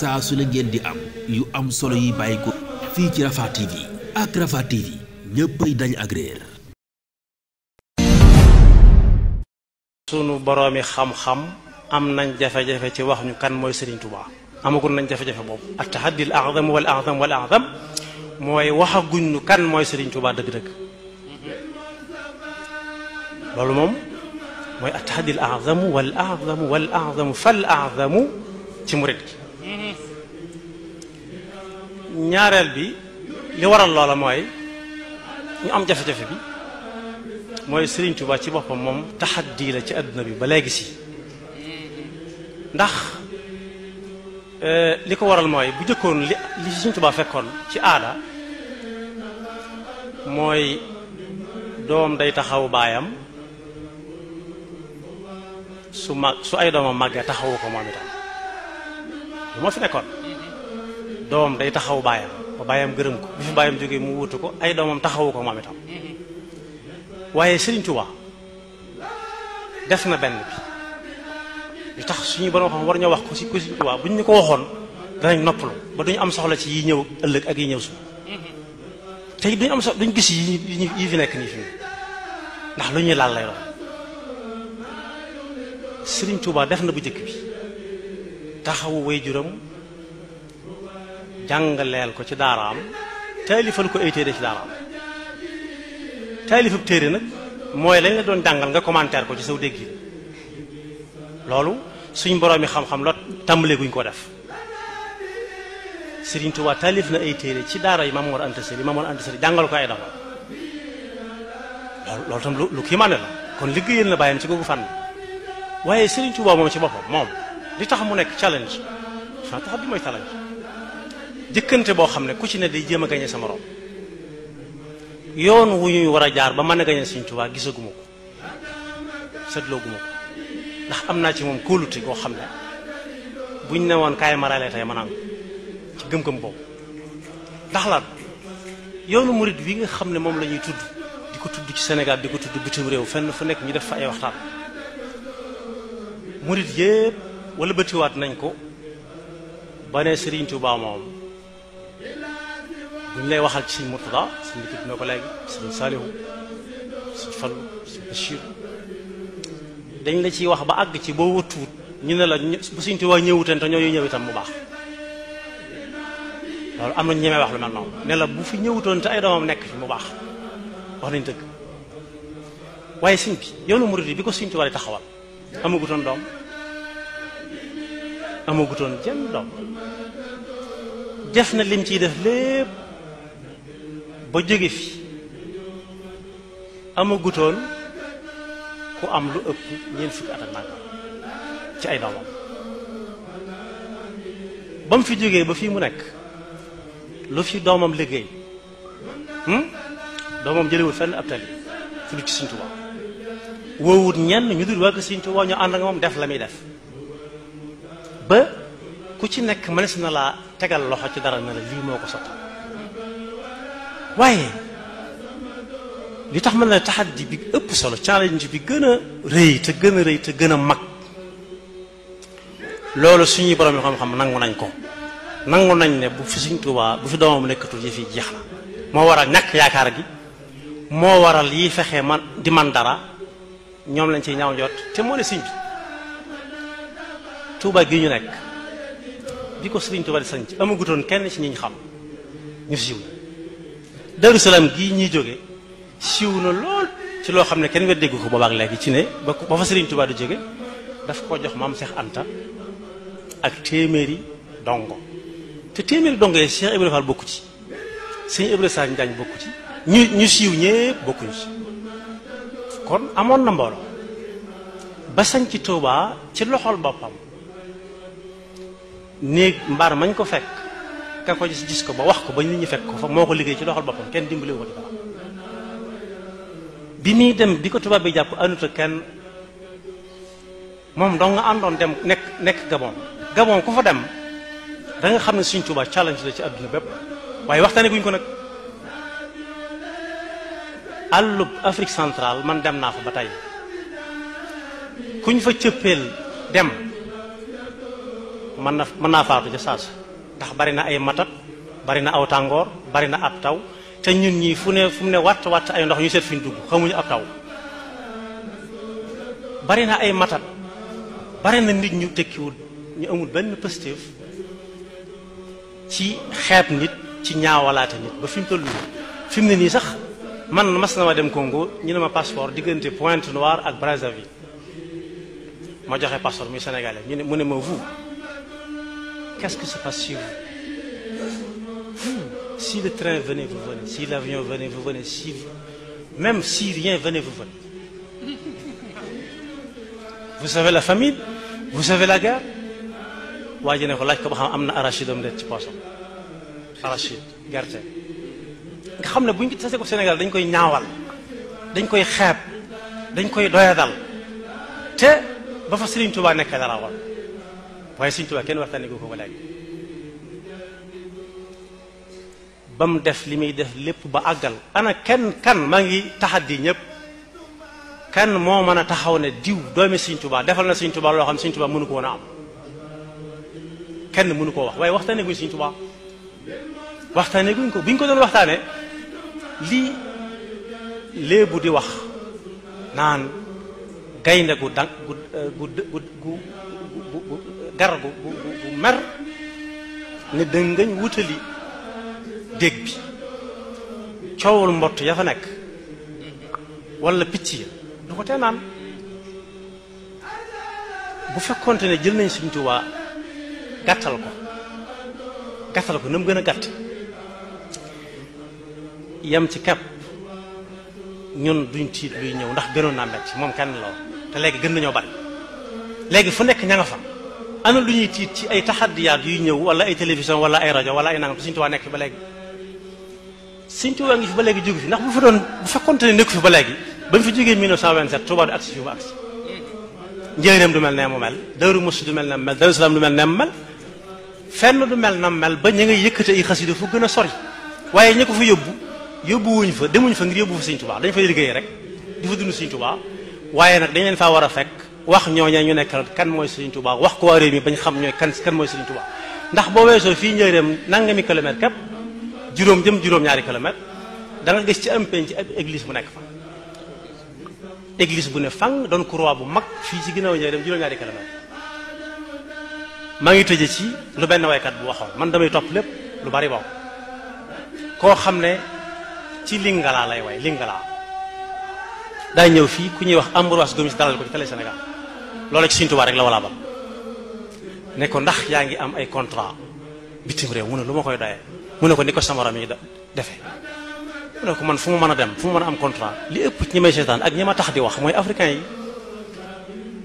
su ne ngeen di yu am solo yi bàyyi ko fii ci Rafah TV ak Rafah TV ñëppay dañ sunu boroomi xam-xam am nañ jafe-jafe ci wax ñu kan mooy Serigne Touba amagul nañ jafe-jafe boobu at tahaddi al wal a'zam wal a'zam mooy waxaguñ ñu kan mooy Serigne Touba dëgg-dëgg loolu moom mooy attahadi al azamu wal azamu wal azamu fal azamu ci murit gi ñaareel bi li waral loola mooy ñu am jafe-jafe bi mooy Serigne Touba ci boppam moom taxaddi la ci àdduna bi ba léegi si ndax euh, li ko waral mooy bu jëkkoon li li Serigne Touba fekkoon ci aada mooy doom day taxaw baayam su mag su ay doomam màggee taxawu ko moom itam lu moo fi nekkoon doomam day taxaw baayam ba baayam gërëm ko bi fi baayam jógee mu wutu ko ay doomam taxawu ko moom itam waaye Serigne Touba def na benn lu tax suñu borom xam wax ko si ko ko waxoon danañ noppalu ba duñu am soxla ci ñëw ëllëg ak yi ñëw suñu te am soxla duñu gis yi yi fi ndax lu ñuy laal lay doon def na bu njëkk bi taxawu way juram jàngaleel ko ci daaraam taalifal ko ay de ci daaraam taalifab téere nag mooy lañ la doon jàngal nga commentaire ko ci saw dégg loolu suñ boroom yi xam-xam la tàmbalee guñ ko def Sëriñ Tuubaa taalif na ay téere ci daara yi ma Mor Anta Sali Maam Mor Anta Sali jàngal ko ay dafa loolu tam lu kii mànne la kon liggéeyal na bàyyam ci googu fànn waaye Sëriñ Tuubaa moom ci boppam moom li tax mu nekk challenge sa tax bi mooy challenge jëkkante boo xam ne ku ci ne day jéem a gañe sa morom yoon wu ñuy war a jaar ba mën a gañe Sëriñ Tuubaa gisaguma ko seetlooguma ko ndax am naa ci moom kóolute goo xam ne buñ ne woon kaay marale tey maanaam ci gëm-gëm boobu ndax lan yoonu murit wi nga xam ne moom la ñuy tudd di ko tudd ci senegal di ko tudd bitim réew fenn fu nekk ñu def fa ay waxtaan murit yépp wala bëtiwaat nañ ko ba ne Sëriñ Tuubaa moom bu ñu lay waxal ci sëñ Murtada sëñ bi tudd na ko léegi sëñ Saalihu sëñ Fallu dañ la ciy wax ba àgg ci boo wëttuwut ñu ne la bu suñ tubaab ñëwuteen te ñooñu ñëw itam mu baax loolu am na ñu ñemee wax lu mel noonu ne bu fi ñëwutoon te ay doomam nekk fi mu baax wax nañ tëgg waaye sëñ bi yoonu murid yi bi ko suñ tubaab di taxawal amagutoon doom amagutoon jenn doom def na lim ciy def lépp ba jóge fi amagutoon ku am lu ëpp ñeent fukki at ak ci ay doomam ba mu fi jógee ba fii mu nekk lu fi doomam liggéey hmm? doomam jëlewul fenn ab tali fu du ci Sëñ Tuubaa ñenn ñu dul waa ko Sëñ Tuubaa ñu ànd def la muy def ba ku ci nekk mënees na laa tegal loxo ci dara na la lii moo ko sottal waaye li tax la na taxaddi bi ëpp solo challenge bi gën a rëy te gën a rëy te gën a mag loolu suñuy borom yi xam-xam nangu nañ ko nangu nañ ne bu fi Sëriñ Tuubaa bu fi doomam nekkatul yëf yi jeex na moo waral ñàkk yaakaar gi moo waral yi fexe man di man dara ñoom lañ ciy ñaw njot te moo ne sëriñ bi Tuubaa gi ñu nekk bi ko Sëriñ Tuubaa di sañ ci amagutoon kenn ci ñu xam ñu siiw Daaru Salaam gii ñuy jóge siiw na lool ci loo xam ne kenn weer dégg ko boobaak léegi ci ne ba ba fa Serigne Touba du jóge daf ko jox am seex Anta ak téeméeri dongo te téeméeri dongo yi Cheikh Ibrahima Fall bokku ci Serigne Ibrahima Sarr Njaañ bokku ci ñu ñu siiw ñëpp bokkuñu ci kon amoon na mbooloo ba sañ ci Touba ci loxol boppam néeg mbaar mañ ko fekk ka ko gis gis ko ba wax ko ba nit ñu fekk ko fa moo ko liggéey ci loxol boppam kenn dimbali ko ci dara bi muy dem bi ko tubaab bi jàpp anuta kenn moom dong nga àndoon dem nekk nekk Gabon Gabon ku fa dem da nga xam ne suñ Tuubaa challenge la ci àdduna bépp waaye waxtaane guñ ko nag àllub Afrique centrale man dem naa fa ba tey kuñ fa cëppeel mën na mën naa faatu ndax bari na ay matat bari na aw tàngoor bari na ab taw te ñun ñii fu ne fu mu ne wàtt wàtt ay ndox ñu seet fi dugg xamuñu ab taw bari na ay matat bari na nit ñu tekkiwul ñu amul benn positif ci xeeb nit ci ñaawalaate nit ba fi mu toll nii fi mu ne nii sax man mas na ma dem Congo ñu ne ma passeport diggante Pointe-Noire ak Brazzaville ma joxe passeport muy sénégalais ñu ne mu ne ma vous Qu'est-ce qui se hmm. Si le train venait, vous venez. Si l'avion venait, vous venez. même si rien venait, vous venez. Vous savez la famine Vous savez la guerre waa ji ne ko laaj ko ba xam am na arachide am déet ci poosam arachide gerte nga xam ne bu ñu tasee ko Sénégal dañ koy ñaawal dañ koy xeeb dañ koy doyadal te ba fa Serigne ne nekk dara woon waaye Sëriñ Tuubaa kenn waxtaanee ko ko laaj ba mu def li muy def lépp ba àggal ana kenn kan maa ngi taxaddi ñëpp kan moo mën a taxaw ne diw doomi Sëriñ Tuubaa defal na Sëriñ Tuubaa loo xam Sëriñ Tuubaa mënu ko woon a am kenn mënu koo wax waaye waxtaanee guñ Sëriñ Tuubaa waxtaanee guñ ko buñ ko doon waxtaanee lii léebu di wax naan gaynde gu dank gu gu gu der bu bu bu mer ne dëngañ wutali dég bi coowul mbott ya fa nekk wala picc ya du ko tee naan bu fekkonte ne jël nañ Sëriñ Tuubaa gàttal ko gàttal ko na gën a gàtt yam ci kepp ñun duñ tiit luy ñëw ndax gënoon naa metti moom kenn lool te léegi gën nañoo bari léegi fu nekk ña fa ana lu ñuy tiit ci ay taxaddiyaat yuy ñëw wala ay télévision wala ay rajo wala ay nangam te Sëñ nekk fi ba léegi Sëñ Tuubaa ngi ba léegi jógu fi ndax bu fa doon bu fekkonte ne nekku fi ba léegi ba mu fi jógee 1927 Tuubaa du agsi fi mu agsi njëriñam du mel ne mu mel Daaru Musti du mel ne mu mel Daaru Salaam du mel ne mu mel fenn du mel na mel ba ñu ngay yëkkate ay xasida fu gën a sori waaye ña ko fa yóbbu yóbbu wuñ fa demuñ fa ngir yóbbu fa Sëñ Tuubaa dañ fay liggéey rek di fa dund Sëñ Tuubaa waaye nag dañ leen faa war a fekk wax ñooña ñu nekk kan mooy Serigne Touba wax ko waa réew mi bañ xam ñooy kan kan mooy Serigne Touba ndax boo weesoo fii njëriñam nangami kilomètre képp juróom jëm juróom jëm kilomètre da nga gis ci am penc ci ab bu nekk fa. bu ne fang doon croix bu mag fii ci ginnaaw njëriñam juróom-ñaari kilomètre maa ngi tëje ci lu benn waykat bu waxoon man damay topp lépp lu bari boobu koo xam ne ci Lingala lay way Lingala. daa ñëw fii ku ñuy wax Ambroise Gomis dalal ko ci Télé Sénégal. loola ci Sëriñ Tuubaa rek la walaa bal ne ko ndax yaa ngi am ay contrat bitim réew mu ne lu ma koy doyee mu ne ko ni ko samara mi defee mu ne ko man fu mu mën a dem fu mu mën a am contrat li ëpp ñi may seetaan ak ñi ma tax di wax mooy africain yi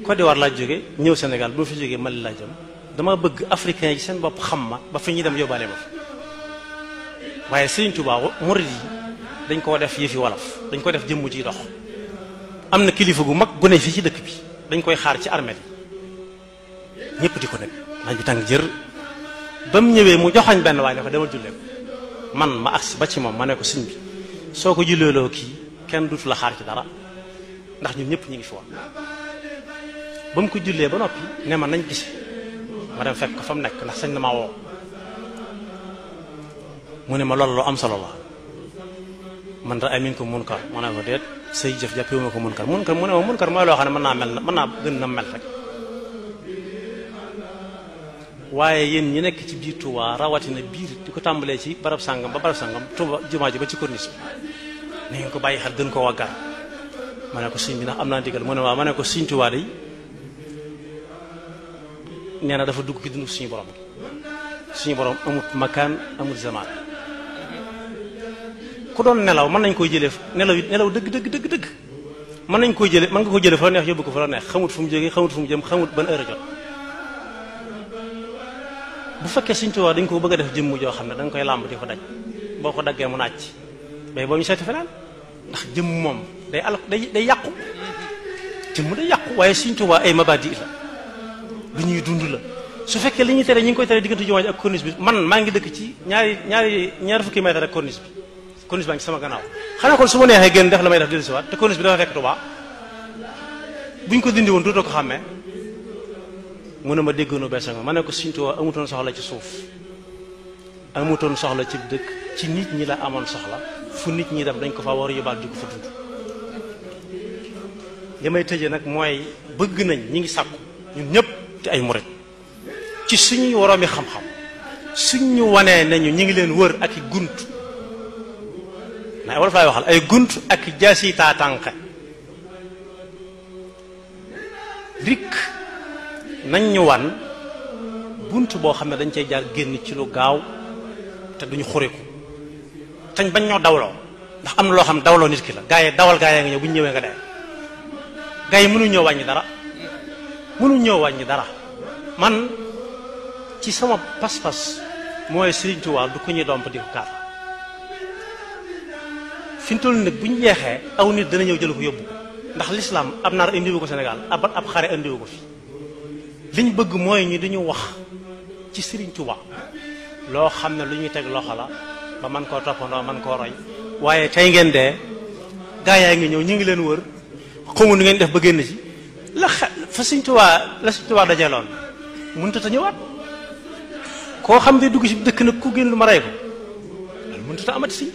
Côte d'Ivoire laa jóge ñëw Sénégal bu fi jógee Mali laa jëm dama bëgg africain yi seen bopp xam ma ba fi ñuy dem yóbbaale ma fa waaye Sëriñ Tuubaa murid yi dañ koo def yëfi wolof dañ ko def jëmm ji dox am na kilifa gu mag gu fii ci dëkk bi dañ koy xaar ci armeel yi ñëpp di ko nekk naaj bi tàng jër ba mu ñëwee mu joxoñ benn waaye dafa demal jullee ko man ma agsi ba ci moom ma ne ko sëñ bi soo ko julleeloo kii kenn duutu la xaar ci dara ndax ñu ñëpp ñu ngi fi woon ba mu ko jullee ba noppi ne ma nañ gise ma dem fekk ko fa mu nekk ndax sañ na ma woo mu ne ma loolu lu am solo la man ra ay ko mun kar ma ne ko déet say jëf jàppee ko munkar munkar mu ne ma munkar mooy loo xam ne mën naa mel na mën naa gën na mel rek waaye yéen ñi nekk ci biir Touba rawatina biir di ko tàmbalee ci barab sàngam ba barab sàngam Touba jumaa ji ba ci corniche bi na ngeen ko bàyyi xel gën ko waggar ma ne ko sëñ bi ndax am naa ndigal mu ne waaw ma ne ko sëñ Touba day nee na dafa dugg bi dundu suñu borom suñu borom amut makaan amut zamaan ku doon nelaw mën nañ koo jëlee nelaw nelaw dëgg dëgg dëgg dëgg mën nañ koy jëlee mën nga ko jëlee fa la neex yóbbu ko fa la neex xamut fu mu jógee xamut fu mu jëm xamut ban heure jot bu fekkee Sëñ Tuubaa dañ koo bëgg a def jëmm joo xam ne danga koy làmb di ko boo ko daggee mu nàcc mais boo ñu seeti feneen ndax jëmm moom day al day day yàqu mu day yàqu waaye Sëñ Tuubaa ay mabadi la lu ñuy dund la su fekkee li ñuy tere ñu ngi koy tere diggante jumaa ji ak corniche bi man maa ngi dëkk ci ñaari ñaari ñaari fukki mètre ak corniche bi corniche baa ngi sama gannaaw xanaa kon su ma neexee génn def la may def dellusiwaat te corniche bi dafa fekk Touba bu ñu ko dindi woon dootoo ko xàmmee mu ne ma déggoonoo bees ma ne ko Sëriñ Tuubaa amutoon soxla ci suuf amutoon soxla ci dëkk ci nit ñi la amoon soxla fu nit ñi dem dañ ko fa war yóbbaal di ko dund li may tëje nag mooy bëgg nañ ñi ngi sàkku ñun ñëpp te ay murit ci suñuy woroomi xam-xam su ñu wanee nañu ñu ngi leen wër ak i gunt ndax wolof laay waxal ay gunt ak jaasi tànk rikk nañ ñu wan bunt boo xam ne dañ cey jaar génn ci lu gaaw te duñu xuriku tañ bañ ñoo dawloo ndax am na loo xam dawloo nit ki la gaa yi dawal gaa ñëw bu ñu ñëwee nga dee gaa yi mënu ñëw wàññi dara mënu ñëw wàññi dara man ci sama pas-pas mooy Sëriñ Tuubaa du ko ñuy domp di ko kaar fi ñu toll nag bu ñu jeexee aw nit dana ñëw jël ko yóbbu ndax lislaam ab naar indiwu ko Sénégal ab ab xare indiwu ko fi liñ bëgg mooy ñu dañu wax ci Sëriñ Tuubaa loo xam ne lu ñuy teg loxo la ba man koo toppandoo man koo roy waaye tey ngeen dee gaa yaa ngi ñëw ñu ngi leen wër xamu nu ngeen def ba génn ci la fa Sëriñ Tuubaa la Sëriñ Tuubaa dajaloon mënut a ñëwaat koo xam ne dugg ci dëkk nag ku génn lu ma rey ko loolu mënut amati si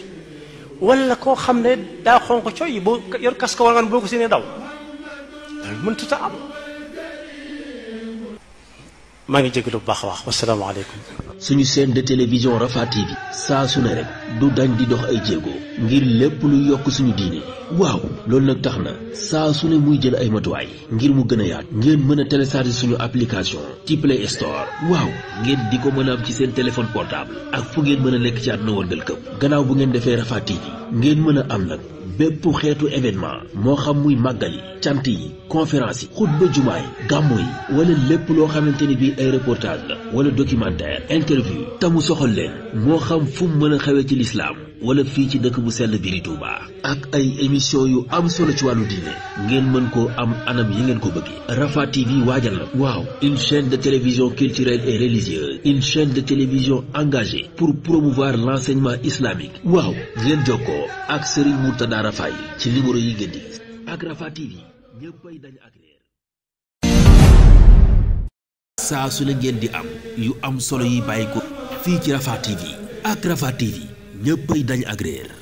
wala koo xam ne daa xonq coy boo yor kas ko wangaan boo ko seenee daw loolu mëntuta am maa ngi jégalu bu baax a baax wasalaamaaleykum suñu seen de télévision Rafah TV saa su ne rek du dañ di dox ay jéego ngir lépp lu yokk suñu diine waaw loolu nag tax na saa su ne muy jël ay matuwaay ngir mu gën a yaat ngeen mën a télécharger suñu application ci Play Store waaw ngeen di ko mën a am ci seen téléphone portable ak fu ngeen mën a nekk ci àdduna wërngal këpp gannaaw bu ngeen defee Rafah TV ngeen mën a am nag bépp xeetu événement moo xam muy màggal yi cant yi conférence yi xutba jumaay gàmmu yi wala lépp loo xamante ni bii ay reportage wala documentaire interview lislaam wala fii ci dëkk bu sell bi di Touba ak ay émission yu am solo ci wàllu diine ngeen mën ko am anam yi ngeen ko bëggee Rafah TV waajal na waaw une chaîne de télévision culturelle et religieuse une chaîne de télévision engagée pour promouvoir l'enseignement islamique waaw ngeen jokkoo ak Serigne Mourtada Rafah ci numéro yi ngeen di ak Rafah TV ñëppay dañ ak réer yu am solo yi bàyyi ko ñëppay dañ ak réer